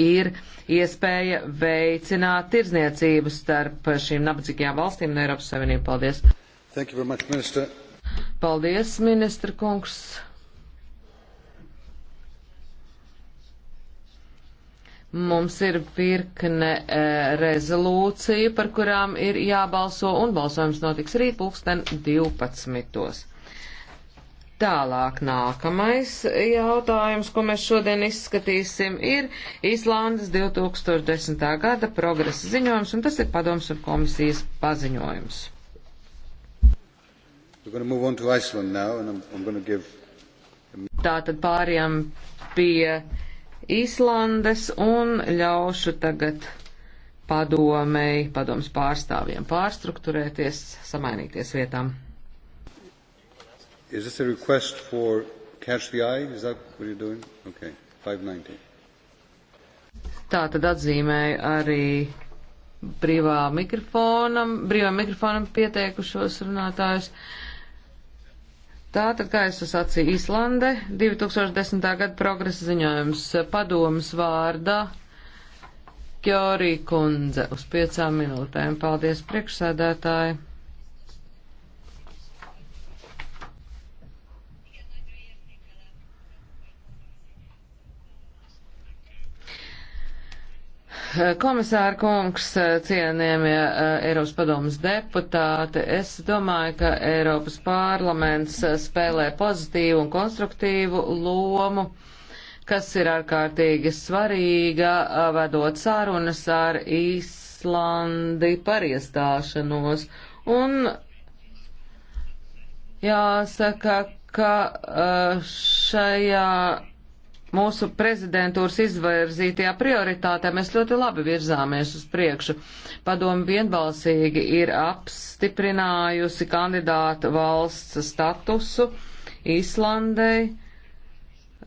ir iespēja veicināt tirzniecību starp šīm nabadzīgajām valstīm un Eiropas Savienību. Paldies! Much, minister. Paldies, ministra kungs! Mums ir virkne e, rezolūciju, par kurām ir jābalso, un balsojums notiks rīt pulksten 12. Tālāk nākamais jautājums, ko mēs šodien izskatīsim, ir Īslandes 2010. gada progresa ziņojums, un tas ir padoms un komisijas paziņojums. Tātad pārējām pie Īslandes un ļaušu tagad padomēji, padoms pārstāvjiem pārstruktūrēties, samainīties vietām. Is this a request for catch the eye? Is that what you're doing? Okay. 590. Tā tad atzīmēju arī brīvā mikrofonam, brīvā mikrofonam pieteikušos runātājus. Tātad, kā es sacīju, Islande 2010. gada progresa ziņojums padomas vārdā Kjorī kundze uz piecām minūtēm. Paldies priekšsēdētāji! Komisāra kungs, cienījamie eh, Eiropas padomas deputāti, es domāju, ka Eiropas parlaments spēlē pozitīvu un konstruktīvu lomu, kas ir ārkārtīgi svarīga, eh, vedot sarunas ar Īslandi par iestāšanos. Un jāsaka, ka eh, šajā mūsu prezidentūras izvērzītajā prioritātē mēs ļoti labi virzāmies uz priekšu. Padomu vienbalsīgi ir apstiprinājusi kandidāta valsts statusu Īslandei.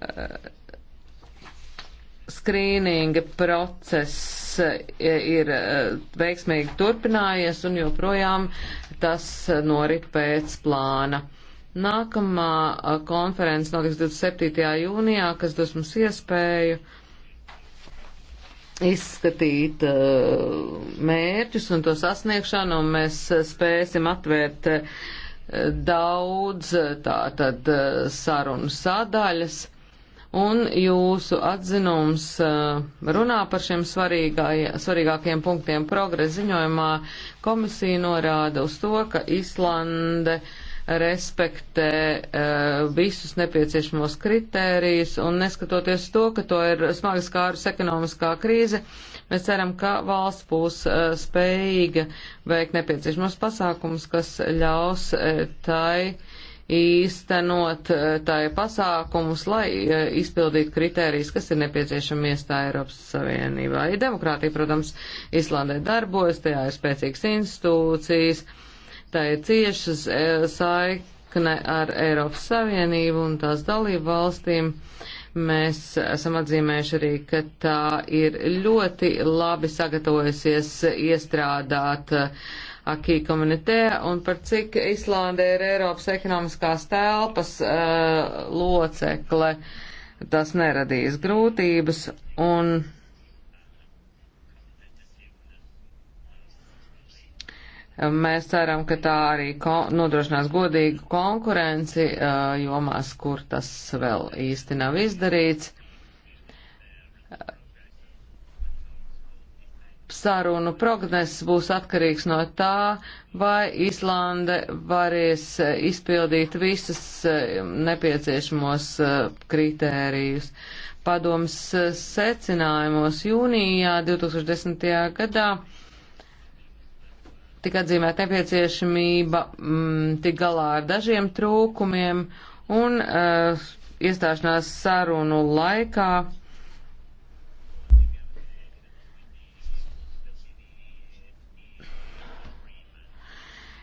Eh, skrīninga process eh, ir eh, veiksmīgi turpinājies un joprojām tas norit pēc plāna. Nākamā konference notiks 27. jūnijā, kas dos mums iespēju izskatīt mērķus un to sasniegšanu, un mēs spēsim atvērt daudz tātad sarunu sadaļas, un jūsu atzinums runā par šiem svarīgākiem punktiem progresa ziņojumā. Komisija norāda uz to, ka Islande respektē uh, visus nepieciešamos kritērijus un neskatoties to, ka to ir smagi skārus ekonomiskā krīze, mēs ceram, ka valsts būs uh, spējīga veikt nepieciešamos pasākumus, kas ļaus uh, tai īstenot tai pasākumus, lai izpildītu kritērijas, kas ir nepieciešami iestāja Eiropas Savienībā. Ja demokrātija, protams, Islandē darbojas, tajā ir spēcīgas institūcijas, uh, Tā ir ciešas e, saikne ar Eiropas Savienību un tās dalību valstīm. Mēs esam atzīmējuši arī, ka tā ir ļoti labi sagatavojusies iestrādāt e, akī komunitē un par cik Islanda ir Eiropas ekonomiskās telpas uh, locekle. Tas neradīs grūtības un Mēs ceram, ka tā arī nodrošinās godīgu konkurenci uh, jomās, kur tas vēl īsti nav izdarīts. sarunu progress būs atkarīgs no tā, vai Islande varēs izpildīt visas uh, nepieciešamos uh, kritērijus. Padoms secinājumos jūnijā 2010. gadā tika atzīmēta nepieciešamība mm, tik galā ar dažiem trūkumiem un uh, iestāšanās sarunu laikā.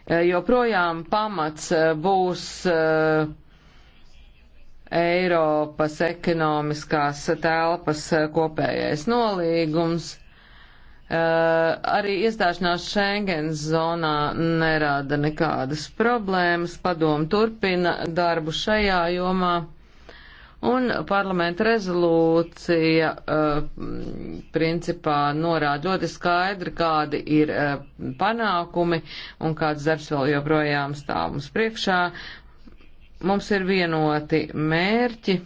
Eh, joprojām pamats eh, būs uh, Eiropas ekonomiskās telpas kopējais nolīgums. Uh, arī iestāšanās Schengens zonā nerada nekādas problēmas. Padomu turpina darbu šajā jomā. Un parlamenta rezolūcija uh, principā norāda ļoti skaidri, kādi ir uh, panākumi un kāds darbs vēl joprojām stāv mums priekšā. Mums ir vienoti mērķi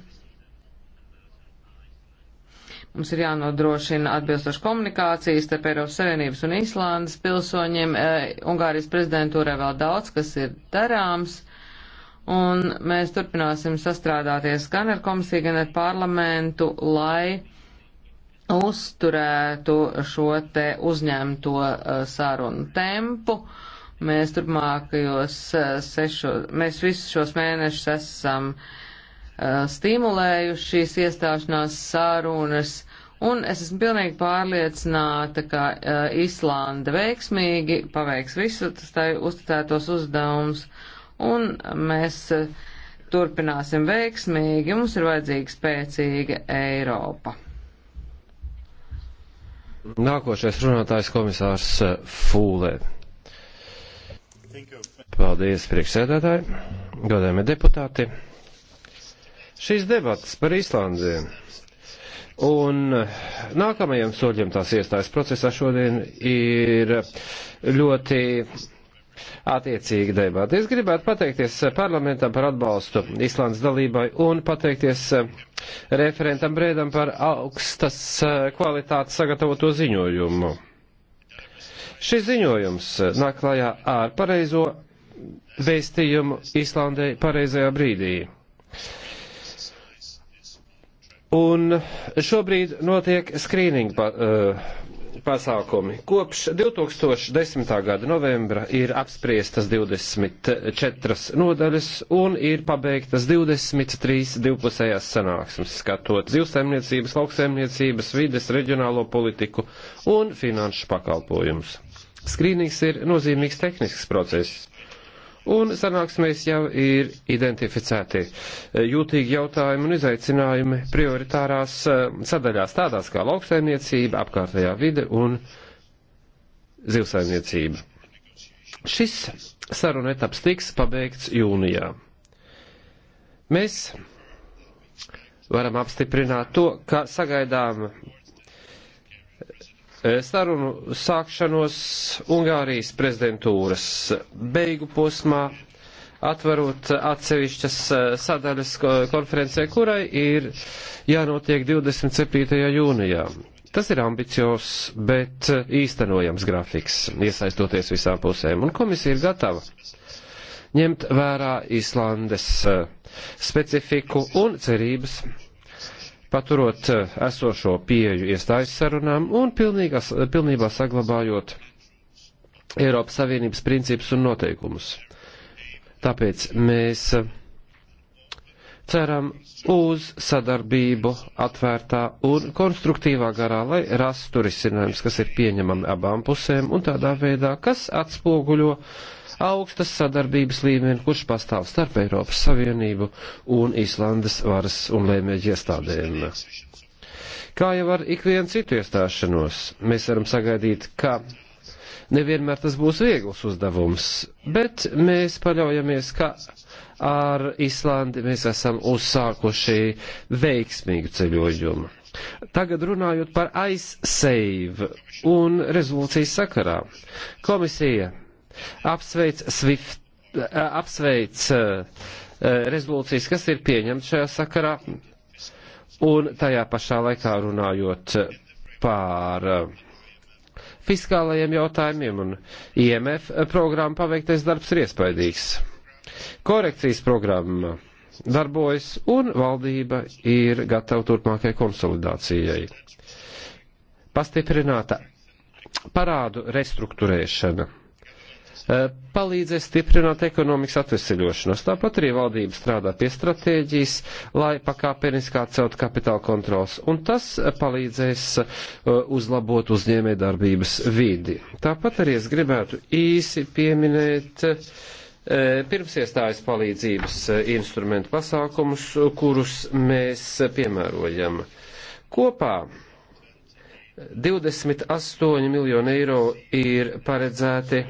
Mums ir jānodrošina atbilstoši komunikācijas starp Eiropas Savienības un Īslandes pilsoņiem. Eh, Ungārijas prezidentūrē vēl daudz, kas ir darāms, un mēs turpināsim sastrādāties gan ar komisiju, gan ar parlamentu, lai uzturētu šo te uzņemto eh, sarunu tempu. Mēs turpmākajos eh, sešos, mēs visus šos mēnešus esam uh, Uh, stimulējuši šīs iestāšanās sārunas, un es esmu pilnīgi pārliecināta, ka uh, Islanda veiksmīgi paveiks visu tai uzticētos uzdevumus, un mēs uh, turpināsim veiksmīgi, mums ir vajadzīga spēcīga Eiropa. Nākošais runātājs komisārs Fūlē. Paldies, priekšsēdētāji, godējami deputāti šīs debatas par Īslandi. Un nākamajiem soļiem tās iestājas procesā šodien ir ļoti attiecīgi debati. Es gribētu pateikties parlamentam par atbalstu Islandes dalībai un pateikties referentam Brēdam par augstas kvalitātes sagatavoto ziņojumu. Šis ziņojums nāk klajā ar pareizo vēstījumu Islandai pareizajā brīdī. Un šobrīd notiek skrīninga pa, uh, pasākumi. Kopš 2010. gada novembra ir apspriestas 24 nodaļas un ir pabeigtas 23 divpusējās sanāksmes, skatot zivsaimniecības, lauksaimniecības, vides, reģionālo politiku un finanšu pakalpojumus. Skrīnings ir nozīmīgs tehnisks process un sanāksmēs jau ir identificēti jūtīgi jautājumi un izaicinājumi prioritārās eh, sadaļās tādās kā lauksaimniecība, apkārtējā vide un zivsaimniecība. Šis saruna etaps tiks pabeigts jūnijā. Mēs varam apstiprināt to, ka sagaidām Eh, sarunu sākšanos Ungārijas prezidentūras beigu posmā, atverot atsevišķas eh, sadaļas konferencē, kurai ir jānotiek 27. jūnijā. Tas ir ambiciozs, bet īstenojams grafiks, iesaistoties visām pusēm, un komisija ir gatava ņemt vērā Īslandes eh, specifiku un cerības paturot eh, esošo pieju iestājas sarunām un pilnīgās, pilnībā saglabājot Eiropas Savienības principus un noteikumus. Tāpēc mēs eh, ceram uz sadarbību atvērtā un konstruktīvā garā, lai rastu risinājums, kas ir pieņemami abām pusēm un tādā veidā, kas atspoguļo uh, augstas sadarbības līmeni, kurš pastāv starp Eiropas Savienību un Īslandes varas un lēmēģi iestādēm. Kā jau ar ikvienu citu iestāšanos, mēs varam sagaidīt, ka nevienmēr tas būs viegls uzdevums, bet mēs paļaujamies, ka ar Islandi mēs esam uzsākuši veiksmīgu ceļojumu. Tagad runājot par aizseivu un rezolūcijas sakarā. Komisija apsveic SWIFT, eh, apsveic eh, eh, rezolūcijas, kas ir pieņemts šajā sakarā, un tajā pašā laikā runājot pār fiskālajiem jautājumiem un IMF programmu paveiktais darbs ir iespaidīgs. Korekcijas programma darbojas un valdība ir gatava turpmākajai konsolidācijai. Pastiprināta parādu restruktūrēšana Eh, palīdzēs stiprināt ekonomikas atveseļošanos. Tāpat arī valdība strādā pie stratēģijas, lai pakāpeniski atcelt kapitāla kontrols, un tas palīdzēs eh, uzlabot uzņēmē darbības vidi. Tāpat arī es gribētu īsi pieminēt eh, pirmsiestājas palīdzības instrumentu pasākumus, kurus mēs piemērojam. Kopā 28 miljoni eiro ir paredzēti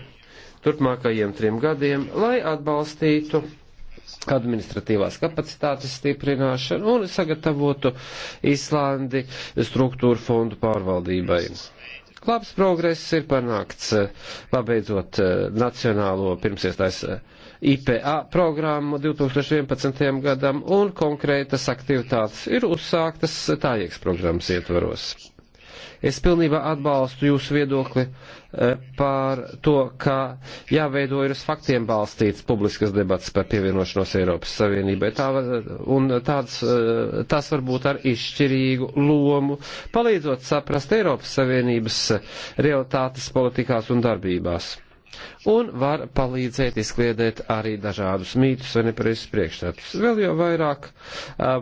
turpmākajiem trim gadiem, lai atbalstītu administratīvās kapacitātes stiprināšanu un sagatavotu Islandi struktūru fondu pārvaldībai. Labs progress ir panākts, pabeidzot eh, nacionālo pirmsiestais eh, IPA programmu 2011. gadam un konkrētas aktivitātes ir uzsāktas tājieks programmas ietvaros. Es pilnībā atbalstu jūsu viedokli eh, par to, ka jāveido ir uz faktiem balstīts publiskas debats par pievienošanos Eiropas Savienībai. Tā var, un tāds, eh, tas var būt ar izšķirīgu lomu, palīdzot saprast Eiropas Savienības realitātes politikās un darbībās un var palīdzēt izkliedēt arī dažādus mītus vai nepareizus priekšstatus. Vēl jau vairāk uh,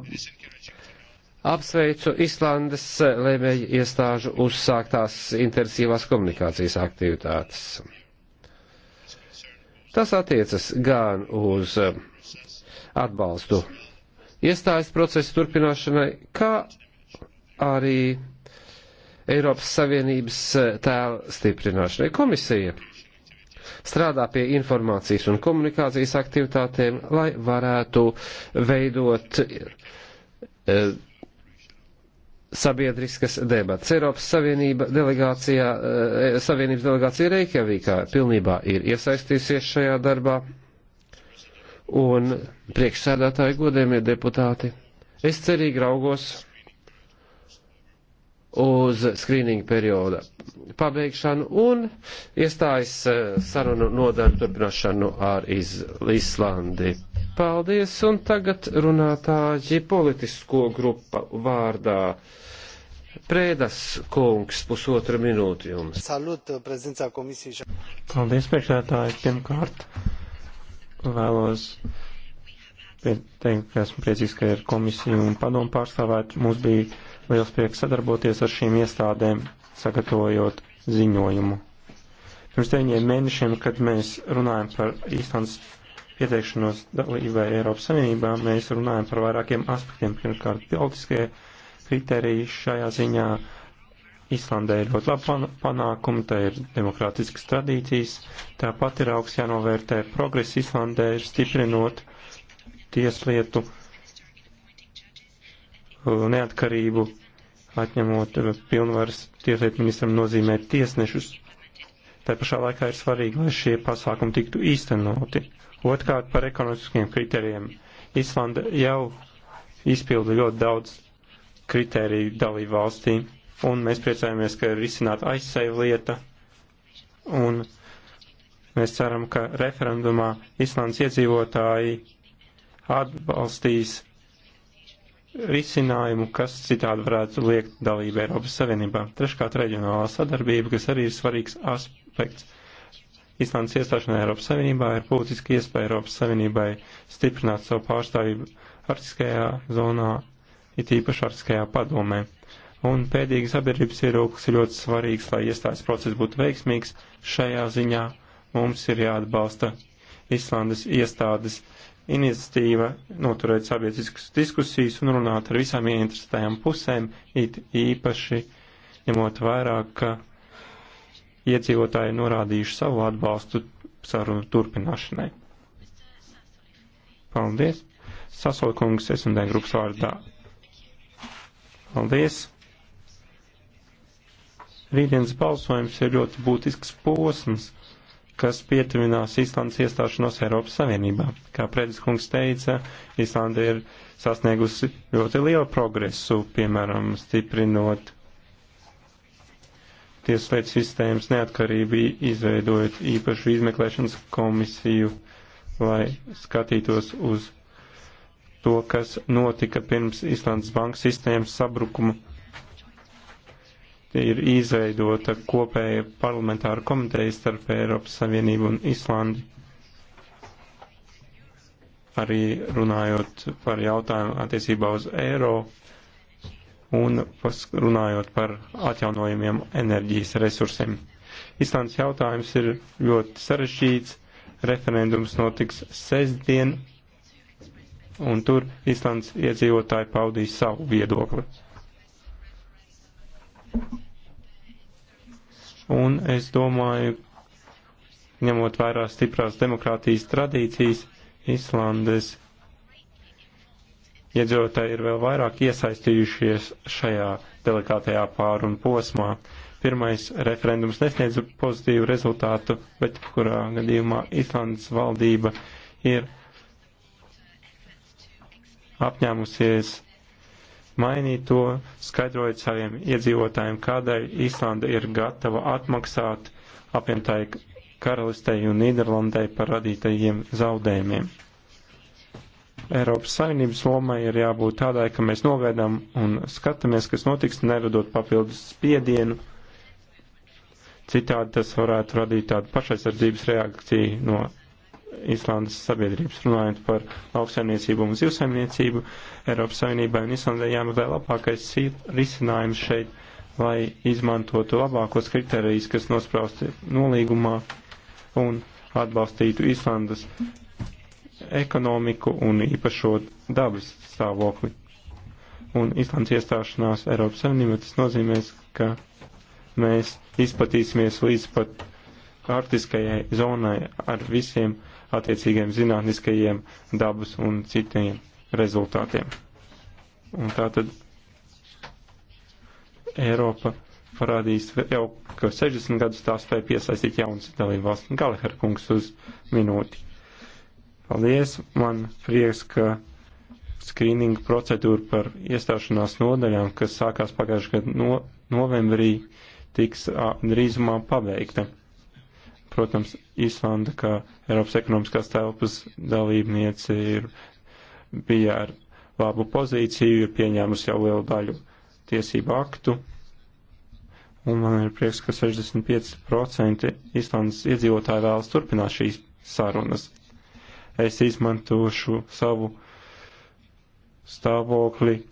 Apsveicu Islandes lēmēju iestāžu uzsāktās intensīvās komunikācijas aktivitātes. Tas attiecas gan uz eh, atbalstu iestājas procesa turpināšanai, kā arī Eiropas Savienības eh, tēla stiprināšanai. Komisija strādā pie informācijas un komunikācijas aktivitātēm, lai varētu veidot eh, sabiedriskas debatas. Eiropas Savienība delegācijā, eh, Savienības delegācija Reikjavīkā pilnībā ir iesaistījusies šajā darbā. Un priekšsēdētāji godējumie deputāti, es cerīgi raugos uz skrīninga perioda pabeigšanu un iestājas eh, sarunu nodaļu turpināšanu ar Iz Islandi. Paldies, un tagad runātāji politisko grupu vārdā. Prēdas kungs, pusotra minūte jums. Salut, uh, prezencijā komisija. Paldies, priekšētāji. Pirmkārt, vēlos teikt, ka esmu priecīgs, ka ir komisija un padomu pārstāvēt. Mums bija liels prieks sadarboties ar šīm iestādēm, sagatavojot ziņojumu. Pirms deviņiem mēnešiem, kad mēs runājam par īstens pieteikšanos dalībai Eiropas Savienībā, mēs runājam par vairākiem aspektiem. Pirmkārt, politiskie kriteriji šajā ziņā. Islandē ir ļoti labi panākumi, tā ir demokrātiskas tradīcijas, tāpat ir augsts jānovērtē progress Islandē, ir stiprinot tieslietu uh, neatkarību, atņemot uh, pilnvaras tieslietu ministram nozīmēt tiesnešus. Tā pašā laikā ir svarīgi, lai šie pasākumi tiktu īstenoti. Otkārt par ekonomiskiem kritērijiem. Islanda jau izpilda ļoti daudz kritēriju dalību valstī, un mēs priecājamies, ka ir izcināta aizsēju lieta, un mēs ceram, ka referendumā Islandas iedzīvotāji atbalstīs risinājumu, kas citādi varētu liekt dalību Eiropas Savienībā. Treškārt, reģionālā sadarbība, kas arī ir svarīgs aspekts. Islandes iestāšanai Eiropas Savienībā ir būtiski iespēja Eiropas Savienībai stiprināt savu pārstāvību arktiskajā zonā, it īpaši arktiskajā padomē. Un pēdīgi sabiedrības ierūklis ir ļoti svarīgs, lai iestājas process būtu veiksmīgs. Šajā ziņā mums ir jāatbalsta Islandes iestādes iniciatīva noturēt sabiedriskas diskusijas un runāt ar visām ieinteresētajām pusēm, it īpaši ņemot vairāk, ka iedzīvotāji norādījuši savu atbalstu sarunu turpināšanai. Paldies! Sasolkungs SMD grupas vārdā. Paldies! Rītdienas balsojums ir ļoti būtisks posms, kas pietuvinās Īslandes iestāšanos Eiropas Savienībā. Kā Prediskungs teica, Īslanda ir sasniegusi ļoti lielu progresu, piemēram, stiprinot tieslietu sistēmas neatkarību, izveidojot īpašu izmeklēšanas komisiju, lai skatītos uz to, kas notika pirms Islandes bankas sistēmas sabrukuma. Ir izveidota kopēja parlamentāra komiteja starp Eiropas Savienību un Islandi. Arī runājot par jautājumu attiecībā uz Eiropu un runājot par atjaunojumiem enerģijas resursiem. Islandes jautājums ir ļoti sarežģīts. Referendums notiks sestdien, un tur Islandes iedzīvotāji paudīs savu viedokli. Un es domāju, ņemot vērā stiprās demokrātijas tradīcijas, Islandes Iedzīvotāji ir vēl vairāk iesaistījušies šajā delikātajā pārunu posmā. Pirmais referendums nesniedz pozitīvu rezultātu, bet kurā gadījumā Islandes valdība ir apņēmusies mainīt to, skaidrojot saviem iedzīvotājiem, kādēļ Īslanda ir gatava atmaksāt apvienotāju karalistei un Nīderlandai par radītajiem zaudējumiem. Eiropas Savienības lomai ir jābūt tādai, ka mēs nogaidām un skatāmies, kas notiks, neradot papildus spiedienu. Citādi tas varētu radīt tādu pašaizsardzības reakciju no Īslandes sabiedrības. Runājot par lauksaimniecību un zivsaimniecību, Eiropas Savienībai un Īslandē jāmeklē labākais risinājums šeit, lai izmantotu labākos kriterijus, kas nosprausti nolīgumā un atbalstītu Īslandes ekonomiku un īpašo dabas stāvokli. Un Islands iestāšanās Eiropas Savienībā tas nozīmēs, ka mēs izplatīsimies līdz pat arktiskajai zonai ar visiem attiecīgiem zinātniskajiem dabas un citiem rezultātiem. Un tā tad Eiropa parādīs jau, ka 60 gadus tā spēja piesaistīt jaunas dalību valsts. Galehar kungs uz minūti. Paldies! Man prieks, ka skrīninga procedūra par iestāšanās nodaļām, kas sākās pagājušajā gadu no, novembrī, tiks drīzumā pabeigta. Protams, Īslanda, kā Eiropas ekonomiskās telpas dalībniece, ir, bija ar labu pozīciju, ir pieņēmusi jau lielu daļu tiesību aktu, un man ir prieks, ka 65% Īslandas iedzīvotāji vēlas turpināt šīs sarunas es izmantošu savu stāvokli,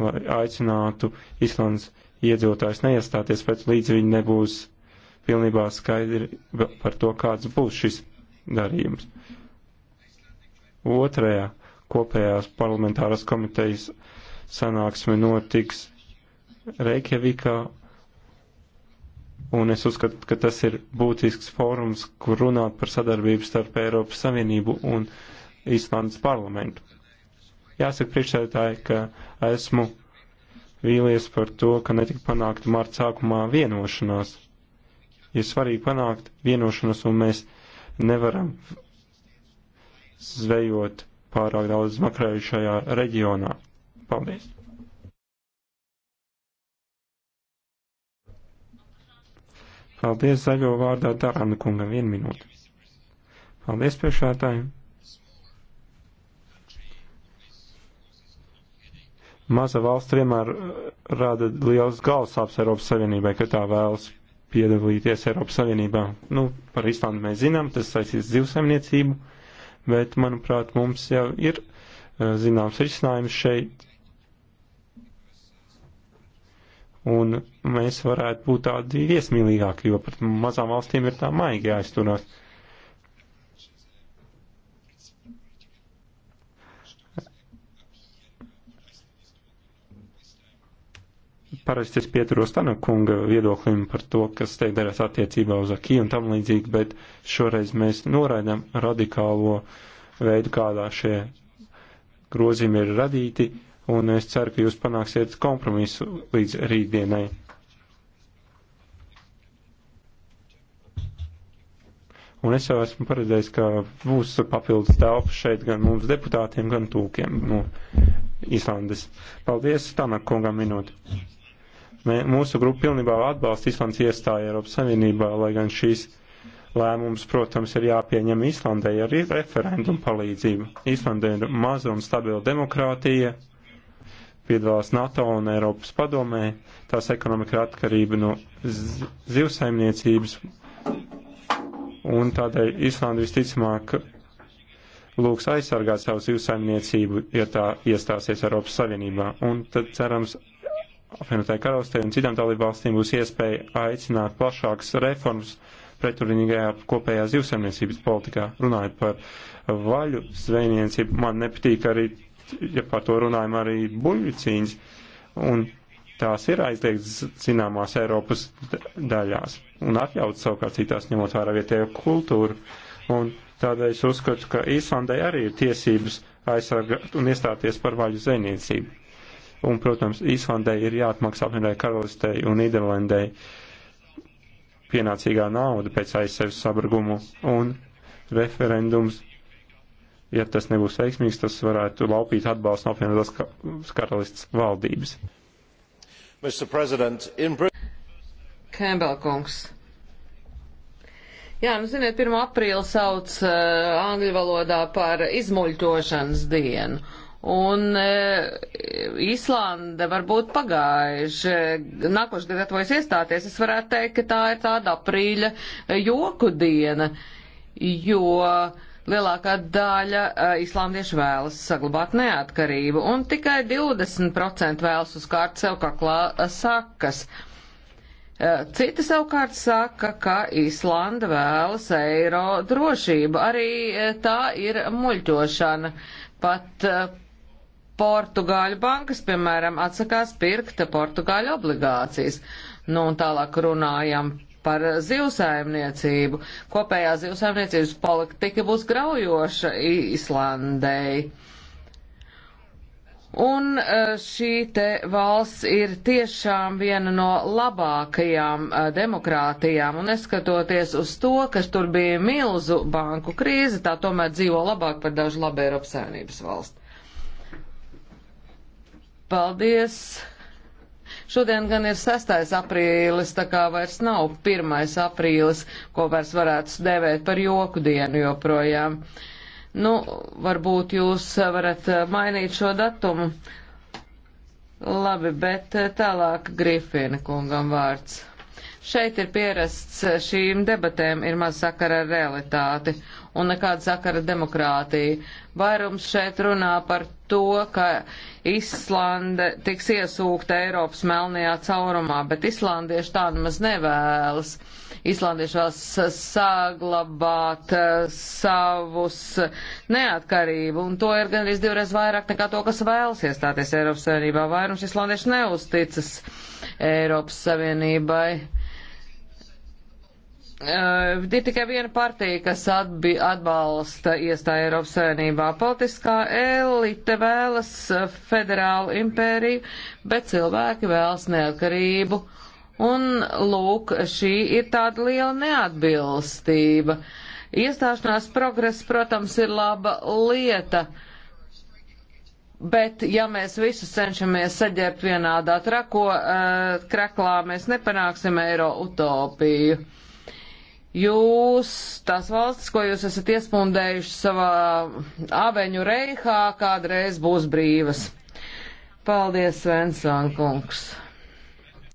lai aicinātu Islandes iedzīvotājs neiestāties pēc līdz viņi nebūs pilnībā skaidri par to, kāds būs šis darījums. Otrajā kopējās parlamentāras komitejas sanāksme notiks Reikjavikā Un es uzskatu, ka tas ir būtisks fórums, kur runāt par sadarbību starp Eiropas Savienību un Īslandes parlamentu. Jāsaka priekšsēdētāji, ka esmu vīlies par to, ka netika panākta marta sākumā vienošanās. Ir svarīgi panākt vienošanos, un mēs nevaram zvejot pārāk daudz makrējušajā reģionā. Paldies! Paldies zaļo vārdā Tarana kungam. Vienu minūti. Paldies priekšētājiem. Maza valsts vienmēr uh, rada liels galvasāps Eiropas Savienībai, ka tā vēlas piedalīties Eiropas Savienībā. Nu, par Islandu mēs zinām, tas saistīts zivsaimniecību, bet, manuprāt, mums jau ir uh, zināms risinājums šeit un mēs varētu būt tādi viesmīlīgāki, jo pret mazām valstīm ir tā maigi jāizturās. Parasti es pieturos Tanakunga viedoklim par to, kas tiek darīts attiecībā uz Akī un tam līdzīgi, bet šoreiz mēs noraidām radikālo veidu, kādā šie grozījumi ir radīti, un es ceru, ka jūs panāksiet kompromisu līdz rītdienai. Un es jau esmu paredzējis, ka būs papildus telpa šeit gan mums deputātiem, gan tūkiem no Islandes. Paldies, Tanak kungam minūti. Mē, mūsu grupa pilnībā atbalsta Islandes iestāju Eiropas Savienībā, lai gan šīs lēmums, protams, ir jāpieņem Islandai ar referendumu palīdzību. Islandai ir maza un stabila demokrātija, piedalās NATO un Eiropas padomē, tās ekonomika ir atkarība no zivsaimniecības, un tādēļ Islanda visticamāk lūgs aizsargāt savu zivsaimniecību, ja tā iestāsies Eiropas Savienībā. Un tad cerams, apvienotāji karalistē un citām dalību valstīm būs iespēja aicināt plašākas reformas preturinīgajā kopējā zivsaimniecības politikā. Runājot par vaļu zvejniecību, man nepatīk arī ja par to runājam arī buļcīņas, un tās ir aizliegts zināmās Eiropas daļās, un atļauts savukārt citās ņemot vērā vietējo kultūru, un tādēļ es uzskatu, ka Īslandai arī ir tiesības aizsargāt un iestāties par vaļu zvejniecību. Un, protams, Īslandai ir jāatmaksā apvienotai karalistei un Nīderlandai pienācīgā nauda pēc aizsevis sabrugumu, un referendums ja tas nebūs veiksmīgs, tas varētu laupīt atbalstu no apvienotās karalists valdības. Kēmbelkungs. Jā, nu ziniet, 1. aprīli sauc uh, angļu valodā par izmuļķošanas dienu. Un uh, eh, Īslanda varbūt pagājuši, uh, nākošais gadu gatavojas iestāties, es varētu teikt, ka tā ir tāda aprīļa eh, joku diena, jo uh, Lielākā daļa uh, eh, islāndiešu vēlas saglabāt neatkarību, un tikai 20% vēlas uzkārt sev kaklā uh, eh, sakas. Uh, citi savukārt saka, ka Īslanda vēlas eiro drošību. Arī uh, tā ir muļķošana. Pat uh, Portugāļu bankas, piemēram, atsakās pirkt Portugāļu obligācijas. Nu, un tālāk runājam par zivsaimniecību. Kopējā zivsaimniecības politika būs graujoša Islandei. Un e, šī te valsts ir tiešām viena no labākajām e, demokrātijām, un neskatoties uz to, ka tur bija milzu banku krīze, tā tomēr dzīvo labāk par dažu labu Eiropas saimnības valstu. Paldies! Šodien gan ir 6. aprīlis, tā kā vairs nav 1. aprīlis, ko vairs varētu dēvēt par joku dienu joprojām. Nu, varbūt jūs varat eh, mainīt šo datumu. Labi, bet eh, tālāk Grifina kungam vārds. Šeit ir pierasts eh, šīm debatēm ir maz sakara ar realitāti un nekāda sakara ar demokrātiju. Vairums šeit runā par to, ka Islande tiks iesūkta Eiropas melnajā caurumā, bet islandieši tā nemaz nevēlas. Islandieši vēlas saglabāt eh, savus neatkarību, un to ir gandrīz divreiz vairāk nekā to, kas vēlas iestāties Eiropas Savienībā. Vairums islandieši neusticas Eiropas Savienībai Uh, ir tikai viena partija, kas atbi, atbalsta iestāju Eiropas Savienībā. Politiskā elite vēlas eh, federālu impēriju, bet cilvēki vēlas neatkarību. Un lūk, šī ir tāda liela neatbilstība. Iestāšanās progress, protams, ir laba lieta. Bet, ja mēs visus cenšamies saģērbt vienādā trako, uh, eh, kraklā, mēs nepanāksim eiro utopiju. Uh, Jūs, tās valstis, ko jūs esat iespundējuši savā aveņu reihā, kādreiz būs brīvas. Paldies, Svensānkungs.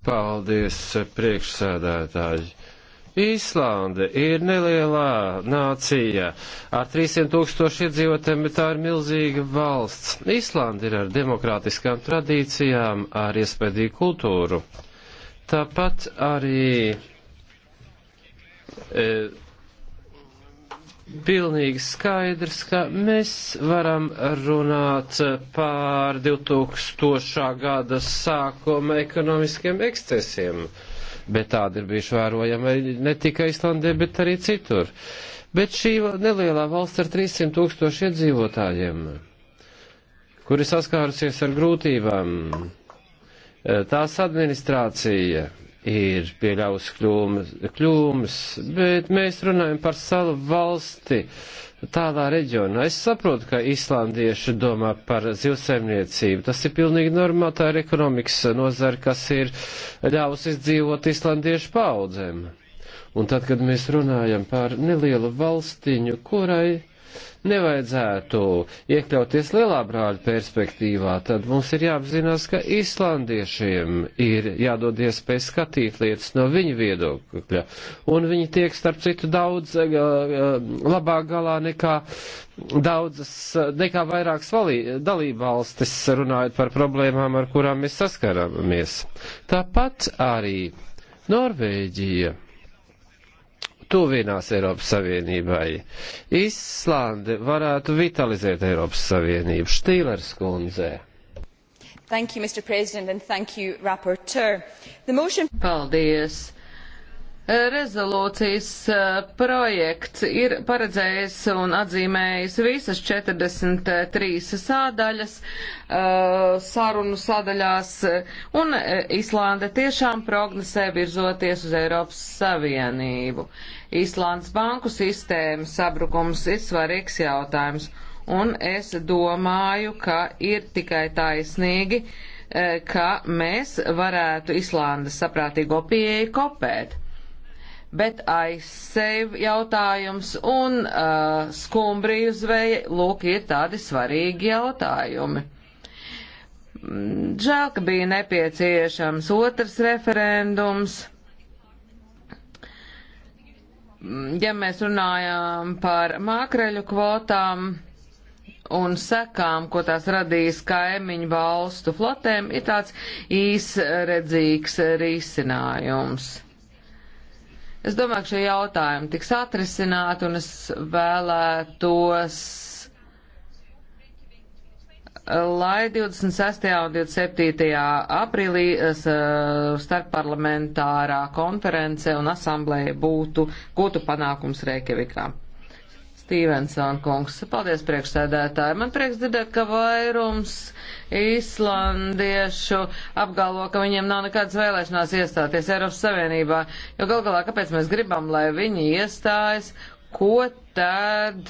Paldies, priekšsēdētāji. Īslande ir nelielā nācija ar 300 tūkstoši iedzīvotēm, bet tā ir milzīga valsts. Īslande ir ar demokrātiskām tradīcijām, ar iespēdīgu kultūru. Tāpat arī E, pilnīgi skaidrs, ka mēs varam runāt pār 2000. gada sākuma ekonomiskiem ekscesiem, bet tādi ir bijuši vērojami ne tikai Islandē, bet arī citur. Bet šī nelielā valsts ar 300 tūkstoši iedzīvotājiem, kuri saskārusies ar grūtībām, e, tās administrācija, ir pieļaus kļūmas, kļūmas, bet mēs runājam par savu valsti tādā reģionā. Es saprotu, ka islandieši domā par zivsaimniecību. Tas ir pilnīgi normāli, tā ir ekonomikas nozara, kas ir ļāvusi izdzīvot islandiešu paudzēm. Un tad, kad mēs runājam par nelielu valstiņu, kurai nevajadzētu iekļauties lielā brāļa perspektīvā, tad mums ir jāapzinās, ka islandiešiem ir jādod iespēja skatīt lietas no viņa viedokļa, un viņi tiek, starp citu, daudz eh, eh, labāk galā nekā daudzas, eh, nekā vairākas dalībvalstis runājot par problēmām, ar kurām mēs saskaramies. Tāpat arī Norvēģija tuvinās Eiropas Savienībai. Islande varētu vitalizēt Eiropas Savienību. Štīlers kundzē. Thank you, Mr. President, and thank you, Rapporteur. The motion... Paldies. Rezolūcijas eh, projekts ir paredzējis un atzīmējis visas 43 sādaļas, eh, sarunu sādaļās, un eh, Islanda tiešām prognozē virzoties uz Eiropas Savienību. Islandas banku sistēmas sabrukums ir svarīgs jautājums, un es domāju, ka ir tikai taisnīgi, ka mēs varētu Islandas saprātīgo pieeju kopēt bet aizseiv jautājums un uh, skumbriju zveja, lūk, ir tādi svarīgi jautājumi. Mm, žēl, ka bija nepieciešams otrs referendums. Mm, ja mēs runājām par mākreļu kvotām un sekām, ko tās radīs kaimiņu valstu flotēm, ir tāds īsredzīgs risinājums. Es domāju, ka šie jautājumi tiks atrisināti un es vēlētos, lai 26. un 27. aprīlī eh, starpparlamentārā konference un asambleja būtu, gūtu panākums Reikevikā. Stīvensona kungs. Paldies, priekšsēdētāji. Man prieks dzirdēt, ka vairums īslandiešu apgalvo, ka viņiem nav nekādas vēlēšanās iestāties Eiropas Savienībā. Jo gal galā, kāpēc mēs gribam, lai viņi iestājas, ko tad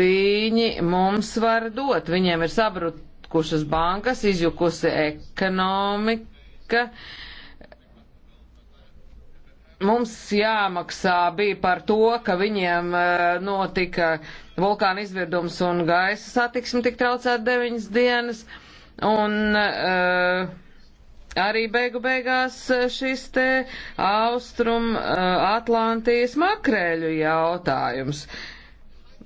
viņi mums var dot? Viņiem ir sabrukušas bankas, izjukusi ekonomika. Uh, mums jāmaksā bija par to, ka viņiem e, notika vulkāna izvirdums un gaisa satiksme tik traucēt deviņas dienas. Un uh, arī beigu beigās e, šis te austrum uh, Atlantijas makrēļu jautājums.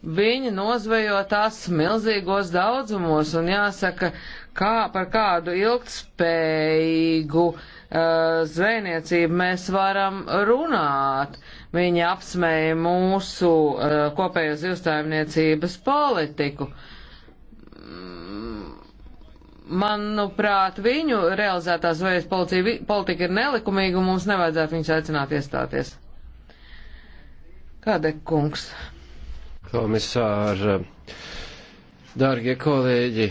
Viņi nozvejo tās milzīgos daudzumos un jāsaka, kā par kādu ilgtspējīgu uh, Eh, zvejniecību mēs varam runāt. Viņi apsmēja mūsu eh, kopējo zivstājumniecības politiku. Mm, manuprāt, viņu realizētā zvejas politika ir nelikumīga un mums nevajadzētu viņus aicināt iestāties. Kāda kungs? Komisāra, dārgie kolēģi,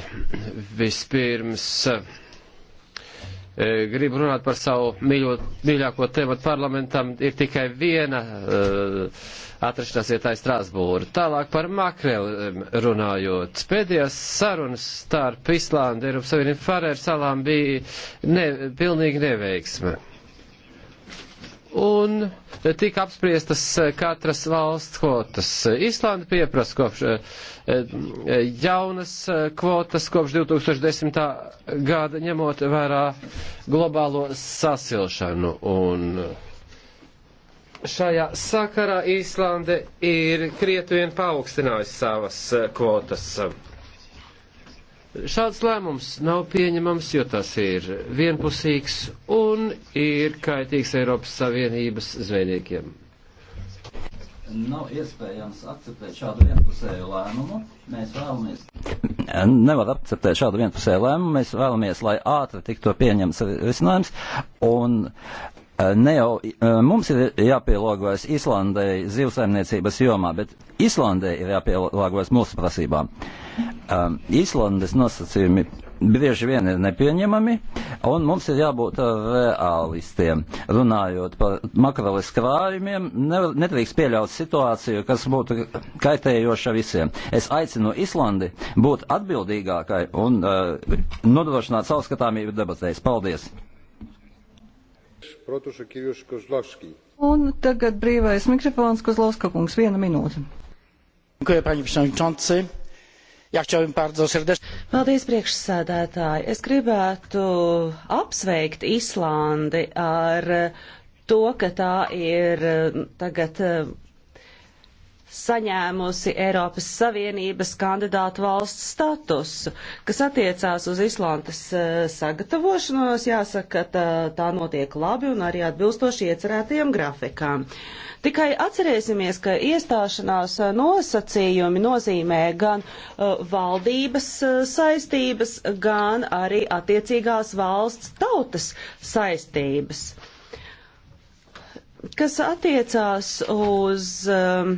vispirms. Uh, E, gribu runāt par savu mīļo, mīļāko tematu parlamentam, ir tikai viena uh, atrašanās vietā Strasbūra. Tālāk par makreli e, runājot. Pēdējās sarunas starp Islandu, Eiropas Savienību, Farēru salām bija ne, pilnīgi neveiksme. Un uh, tika apspriestas eh, katras valsts kvotas. Īslanda pieprasa kopš eh, eh, jaunas kvotas kopš 2010. gada ņemot vērā globālo sasilšanu un šajā sakarā Īslande ir krietni paaugstinājusi savas kvotas. Šāds lēmums nav pieņemams, jo tas ir vienpusīgs un ir kaitīgs Eiropas Savienības zvejniekiem. Nav iespējams akceptēt šādu vienpusēju lēmumu. Mēs vēlamies. Nevar akceptēt šādu vienpusēju lēmumu. Mēs vēlamies, lai ātri tiktu pieņemts risinājums. Un Eh, ne jau eh, mums ir jāpielāgojas Islandai zivsaimniecības jomā, bet Islandai ir jāpielāgojas mūsu prasībām. Um, Islandes nosacījumi bieži vien ir nepieņemami, un mums ir jābūt realistiem. Runājot par makrolis krājumiem, nedrīkst pieļaut situāciju, kas būtu kaitējoša visiem. Es aicinu Islandi būt atbildīgākai un uh, nodrošināt savskatāmību debatēs. Paldies! Protus, Kirjus Kozlovski. Un tagad brīvais mikrofons Kozlovska kungs. Viena minūte. Paldies, priekšsēdētāji. Es gribētu apsveikt Islandi ar to, ka tā ir tagad saņēmusi Eiropas Savienības kandidātu valsts statusu, kas attiecās uz Islandes eh, sagatavošanos. Jāsaka, tā, tā notiek labi un arī atbilstoši iecerētajiem grafikām. Tikai atcerēsimies, ka iestāšanās eh, nosacījumi nozīmē gan uh, valdības uh, saistības, gan arī attiecīgās valsts tautas saistības kas attiecās uz um,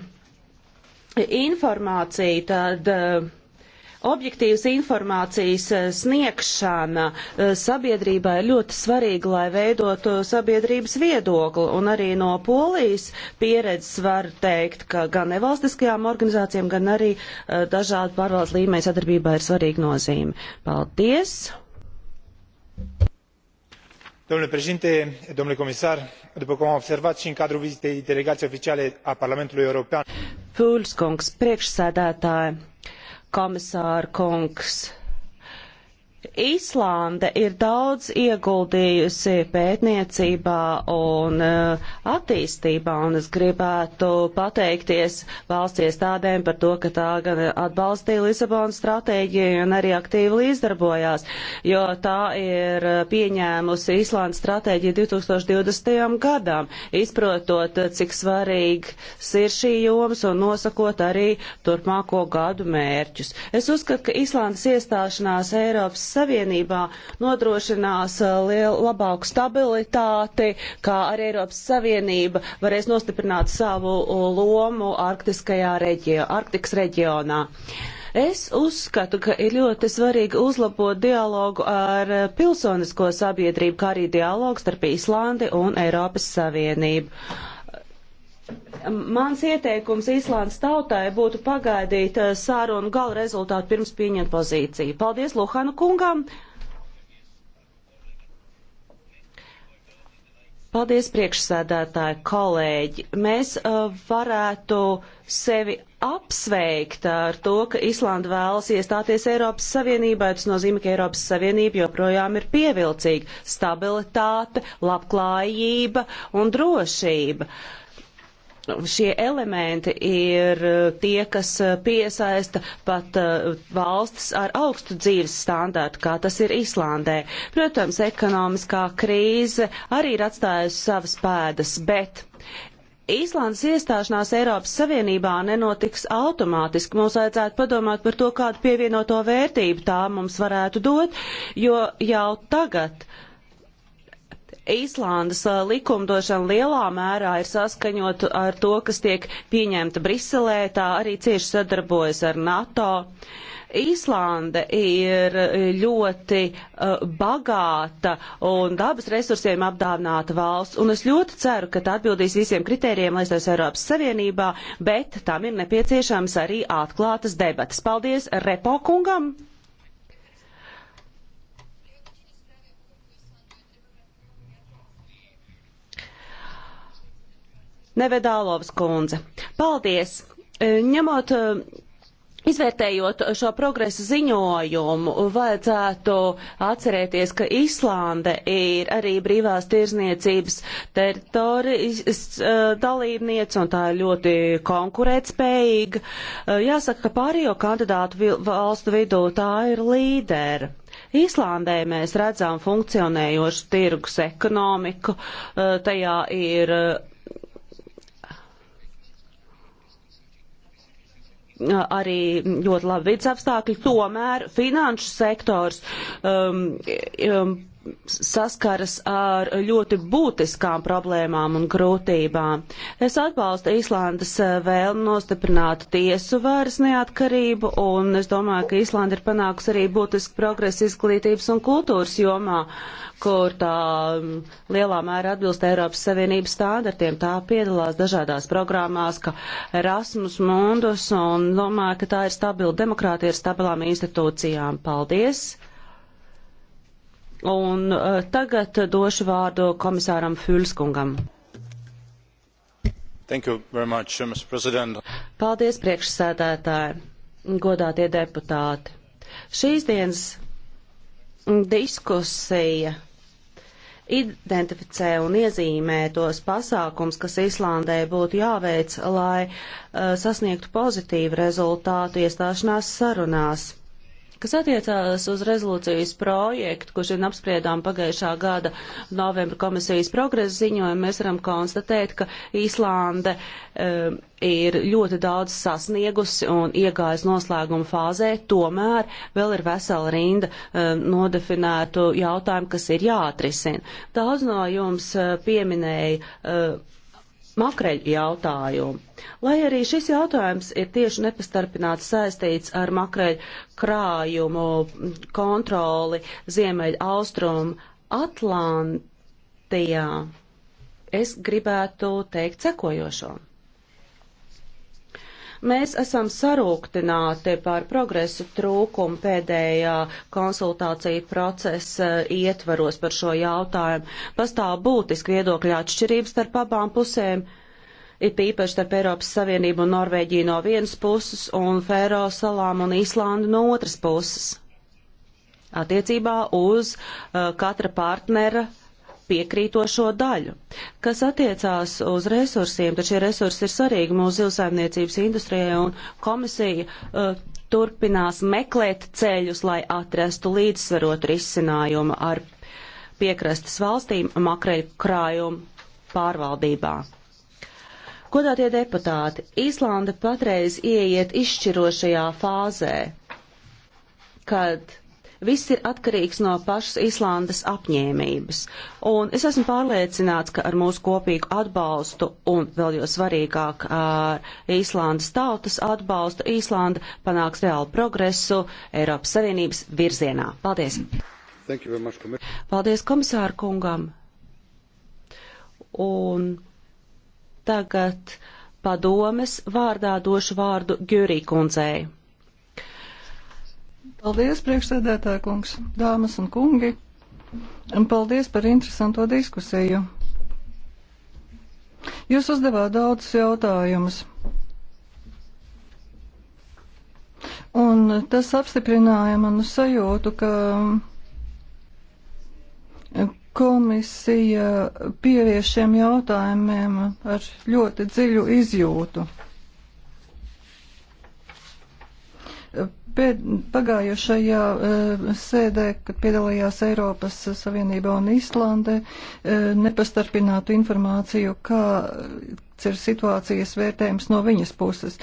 informāciju, tad eh, objektīvas informācijas eh, sniegšana eh, sabiedrībā ir ļoti svarīga, lai veidotu sabiedrības viedokli. Un arī no polijas pieredzes var teikt, ka gan nevalstiskajām organizācijām, gan arī dažādu pārvaldes līmeņu sadarbībā ir svarīga nozīme. Paldies! Domnule președinte, domnule comisar, după cum am observat și în cadrul vizitei delegației oficiale a Parlamentului European, Fūļskungs, priekšsēdētāji, komisāra kungs. Īslande ir daudz ieguldījusi pētniecībā un uh, attīstībā, un es gribētu pateikties valsts iestādēm par to, ka tā gan atbalstīja Lisabonas stratēģiju un arī aktīvi līdzdarbojās, jo tā ir pieņēmusi Īslandes stratēģiju 2020. gadam, izprotot, uh, cik svarīgs ir šī joms un nosakot arī turpmāko gadu mērķus. Es uzskatu, ka Īslandes iestāšanās Eiropas Savienībā nodrošinās uh, liel, labāku stabilitāti, kā arī Eiropas Savienība varēs nostiprināt savu uh, lomu Arktiskajā reģio, Arktikas reģionā. Es uzskatu, ka ir ļoti svarīgi uzlabot dialogu ar uh, pilsonisko sabiedrību, kā arī dialogu starp Īslandi un Eiropas Savienību. Um, mans ieteikums Īslandes tautai būtu pagaidīt uh, sārunu gala rezultātu pirms pieņemt pozīciju. Paldies Luhanu kungam! Paldies priekšsēdētāji, kolēģi! Mēs uh, varētu sevi apsveikt ar to, ka Islanda vēlas iestāties Eiropas Savienībā. Tas nozīmē, ka Eiropas Savienība joprojām ir pievilcīga - stabilitāte, labklājība un drošība. Uh, šie elementi ir eh, tie, kas eh, piesaista pat eh, valstis ar augstu dzīves standārtu, kā tas ir Islandē. Protams, ekonomiskā krīze arī ir atstājusi savas pēdas, bet. Īslandes iestāšanās Eiropas Savienībā nenotiks automātiski. Mums vajadzētu padomāt par to, kādu pievienoto vērtību tā mums varētu dot, jo jau tagad uh, Īslandes uh, likumdošana lielā mērā ir saskaņot ar to, kas tiek pieņemta Briselē, tā arī cieši sadarbojas ar NATO. Īslande ir uh, ļoti uh, bagāta un dabas resursiem apdāvināta valsts, un es ļoti ceru, ka tā atbildīs visiem kritērijiem, lai stājas Eiropas Savienībā, bet tam ir nepieciešams arī atklātas debatas. Paldies Repo kungam! Nevedālovs kundze. Paldies! E, ņemot, e, izvērtējot šo progresu ziņojumu, vajadzētu atcerēties, ka Islande ir arī brīvās tirzniecības teritorijas e, dalībniece un tā ir ļoti konkurētspējīga. Jāsaka, ka pārējo kandidātu valstu vidū tā ir līdera. Īslandē mēs redzam funkcionējošu tirgus ekonomiku, tajā ir arī ļoti labi vidas apstākļi, tomēr finanšu sektors um, um, saskaras ar ļoti būtiskām problēmām un grūtībām. Es atbalstu Īslandes eh, vēlmu nostiprināt tiesu vairs neatkarību, un es domāju, ka Īslanda ir panākusi arī būtisku progresu izglītības un kultūras jomā, kur tā mm, lielā mērā atbilst Eiropas Savienības standartiem. Tā piedalās dažādās programmās, ka Erasmus Mundus, un domāju, ka tā ir stabila demokrātija ar stabilām institūcijām. Paldies! Un uh, tagad došu vārdu komisāram Fülskungam. Thank you very much, uh, Mr. President. Paldies, priekšsēdētāji, godātie deputāti. Šīs dienas diskusija identificē un iezīmē tos pasākums, kas Islandē būtu jāveic, lai uh, sasniegtu pozitīvu rezultātu iestāšanās sarunās. Kas attiecās uz rezolūcijas projektu, ko šodien apspriedām pagājušā gada novembra komisijas progresa ziņojumu, mēs varam konstatēt, ka Īslande um, ir ļoti daudz sasniegusi un iegājas noslēguma fāzē, tomēr vēl ir vesela rinda um, nodefinētu jautājumu, kas ir jāatrisina. Daudz no jums uh, pieminēja. Uh, makreļu jautājumu. Lai arī šis jautājums ir tieši nepastarpināti saistīts ar makreļu krājumu kontroli Ziemeļa austrumu Atlantijā, es gribētu teikt sekojošo. Mēs esam sarūktināti par progresu trūkumu pēdējā konsultāciju procesa ietvaros par šo jautājumu. Pastāv būtiski viedokļa atšķirības starp abām pusēm. Ir īpaši starp Eiropas Savienību un Norvēģiju no vienas puses un Fēro salām un Īslandu no otras puses. Attiecībā uz uh, katra partnera uh, piekrītošo daļu. Kas attiecās uz resursiem, tad šie resursi ir svarīgi mūsu zilsēmniecības industrijai un komisija uh, turpinās meklēt ceļus, lai atrastu līdzsvarotu risinājumu ar piekrastes valstīm makreļu krājumu pārvaldībā. Godātie deputāti, Īslanda patreiz ieiet izšķirošajā fāzē, kad Viss ir atkarīgs no pašas Islandes apņēmības. Un es esmu pārliecināts, ka ar mūsu kopīgu atbalstu un vēl jau svarīgāk ar Islandes tautas atbalstu Islanda panāks reālu progresu Eiropas Savienības virzienā. Paldies! Much, komis Paldies komisāru kungam! Un tagad padomes vārdā došu vārdu Gjurī kundzei. Paldies, priekšsēdētāja kungs, dāmas un kungi, un paldies par interesanto diskusiju. Jūs uzdevāt daudzus jautājumus. Un tas apstiprināja manu sajūtu, ka komisija pievieš šiem jautājumiem ar ļoti dziļu izjūtu. Pēd, pagājušajā uh, sēdē, kad piedalījās Eiropas Savienība un Islande, uh, nepastarpinātu informāciju, kā, kāds ir situācijas vērtējums no viņas puses.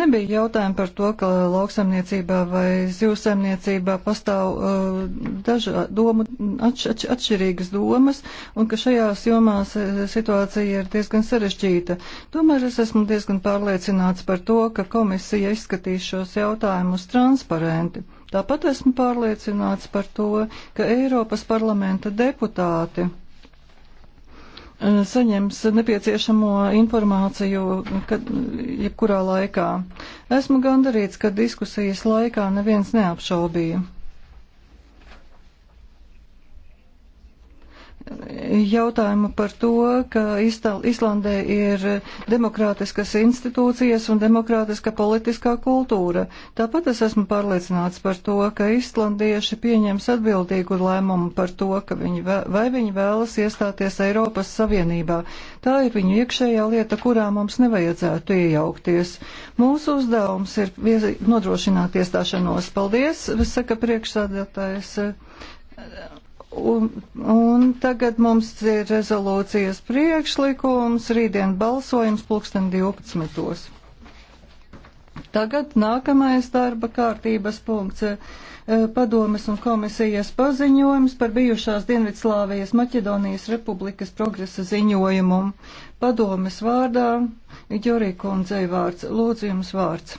Nebija jautājumi par to, ka lauksamniecībā vai zivsamniecībā pastāv uh, dažā domu, atš, atš, atšķirīgas domas un ka šajās jomās uh, situācija ir diezgan sarežģīta. Tomēr es esmu diezgan pārliecināts par to, ka komisija izskatīs šos jautājumus transparenti. Tāpat esmu pārliecināts par to, ka Eiropas parlamenta deputāti saņems nepieciešamo informāciju, kad, jebkurā laikā. Esmu gandarīts, ka diskusijas laikā neviens neapšaubīja. jautājumu par to, ka Islandē ir demokrātiskas institūcijas un demokrātiska politiskā kultūra. Tāpat es esmu pārliecināts par to, ka islandieši pieņems atbildīgu lēmumu par to, ka viņi vai viņi vēlas iestāties Eiropas Savienībā. Tā ir viņu iekšējā lieta, kurā mums nevajadzētu iejaukties. Mūsu uzdevums ir nodrošināt iestāšanos. Paldies, saka priekšsādātājs. Un, un tagad mums ir rezolūcijas priekšlikums, rītdien balsojums pulksten 12. Tagad nākamais darba kārtības punkts eh, - padomes un komisijas paziņojums par bijušās Dienvidslāvijas Maķedonijas Republikas progresa ziņojumu. Padomes vārdā Jurī Kundzei vārds. Lūdzu jums vārds.